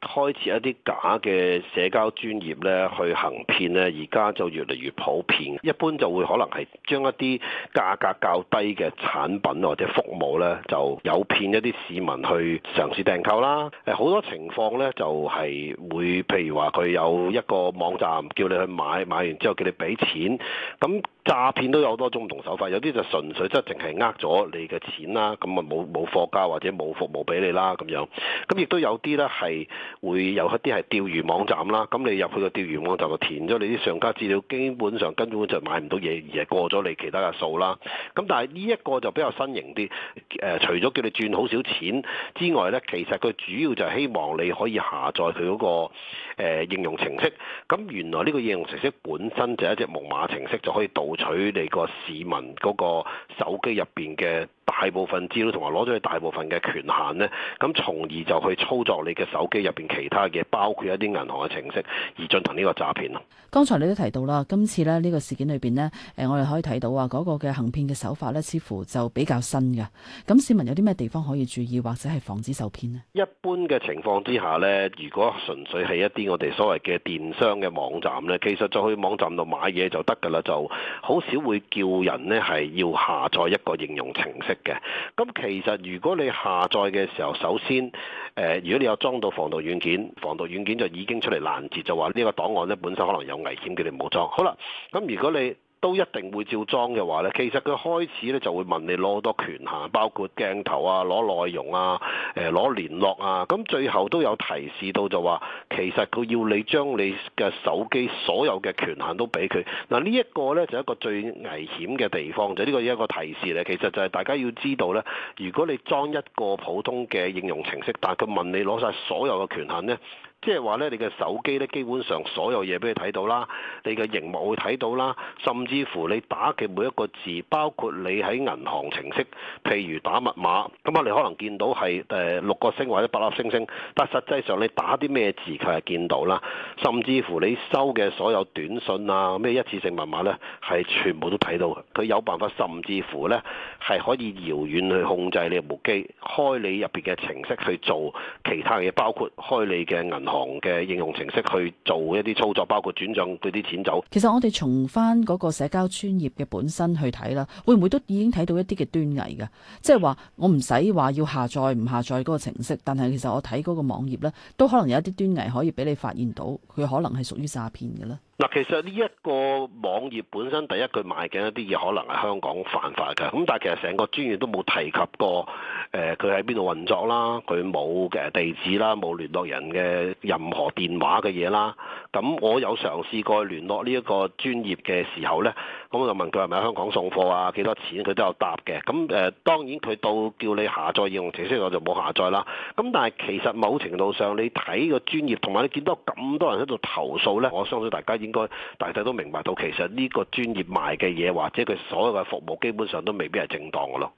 開設一啲假嘅社交專頁咧，去行騙咧，而家就越嚟越普遍。一般就會可能係將一啲價格較低嘅產品或者服務咧，就有騙一啲市民去嘗試訂購啦。誒，好多情況咧就係會，譬如話佢有一個網站叫你去買，買完之後叫你俾錢。咁詐騙都有好多種唔同手法，有啲就純粹即係淨係呃咗你嘅錢啦，咁啊冇冇貨交或者冇服務俾你啦咁樣。咁亦都有啲咧係。會有一啲係釣魚網站啦，咁你入去個釣魚網站就填咗你啲上家資料，基本上根本就買唔到嘢而係過咗你其他嘅數啦。咁但係呢一個就比較新型啲，誒、呃、除咗叫你轉好少錢之外呢，其實佢主要就係希望你可以下載佢嗰、那個誒、呃、應用程式。咁原來呢個應用程式本身就係一隻木馬程式，就可以盜取你個市民嗰個手機入邊嘅，大部分資料同埋攞咗佢大部分嘅權限呢，咁從而就去操作你嘅手機入邊其他嘅，包括一啲銀行嘅程式，而進行呢個詐騙咯。剛才你都提到啦，今次咧呢個事件裏邊呢，誒我哋可以睇到啊嗰個嘅行騙嘅手法呢，似乎就比較新嘅。咁市民有啲咩地方可以注意或者係防止受騙呢？一般嘅情況之下呢，如果純粹係一啲我哋所謂嘅電商嘅網站呢，其實就去網站度買嘢就得㗎啦，就好少會叫人呢係要下載一個應用程式。咁其實如果你下載嘅時候，首先，誒、呃，如果你有裝到防毒軟件，防毒軟件就已經出嚟攔截，就話呢個檔案咧本身可能有危險，叫你唔好裝。好啦，咁如果你都一定會照裝嘅話呢，其實佢開始呢就會問你攞好多權限，包括鏡頭啊、攞內容啊、誒攞聯絡啊，咁最後都有提示到就話，其實佢要你將你嘅手機所有嘅權限都俾佢。嗱呢一個呢就係、一個最危險嘅地方，就、這、呢個一個提示呢，其實就係大家要知道呢，如果你裝一個普通嘅應用程式，但係佢問你攞晒所有嘅權限呢。即係話咧，你嘅手機咧，基本上所有嘢俾你睇到啦，你嘅熒幕會睇到啦，甚至乎你打嘅每一個字，包括你喺銀行程式，譬如打密碼，咁啊，你可能見到係誒六個星或者八粒星星，但實際上你打啲咩字佢係見到啦，甚至乎你收嘅所有短信啊，咩一次性密碼咧，係全部都睇到嘅。佢有辦法，甚至乎咧係可以遙遠去控制你部機，開你入邊嘅程式去做其他嘢，包括開你嘅銀。行嘅應用程式去做一啲操作，包括轉帳嗰啲錢走。其實我哋從翻嗰個社交專頁嘅本身去睇啦，會唔會都已經睇到一啲嘅端倪嘅？即係話我唔使話要下載唔下載嗰個程式，但係其實我睇嗰個網頁咧，都可能有一啲端倪可以俾你發現到，佢可能係屬於詐騙嘅咧。嗱，其實呢一個網頁本身，第一句賣嘅一啲嘢，可能係香港犯法嘅，咁但係其實成個專頁都冇提及過，誒佢喺邊度運作啦，佢冇嘅地址啦，冇聯絡人嘅任何電話嘅嘢啦。咁我有嘗試過聯絡呢一個專頁嘅時候咧，咁我就問佢係咪喺香港送貨啊，幾多錢？佢都有答嘅。咁誒、呃、當然佢到叫你下載應用程式，我就冇下載啦。咁但係其實某程度上，你睇個專頁同埋你見到咁多人喺度投訴咧，我相信大家應該大家都明白到，其實呢個專頁賣嘅嘢，或者佢所有嘅服務，基本上都未必係正當嘅咯。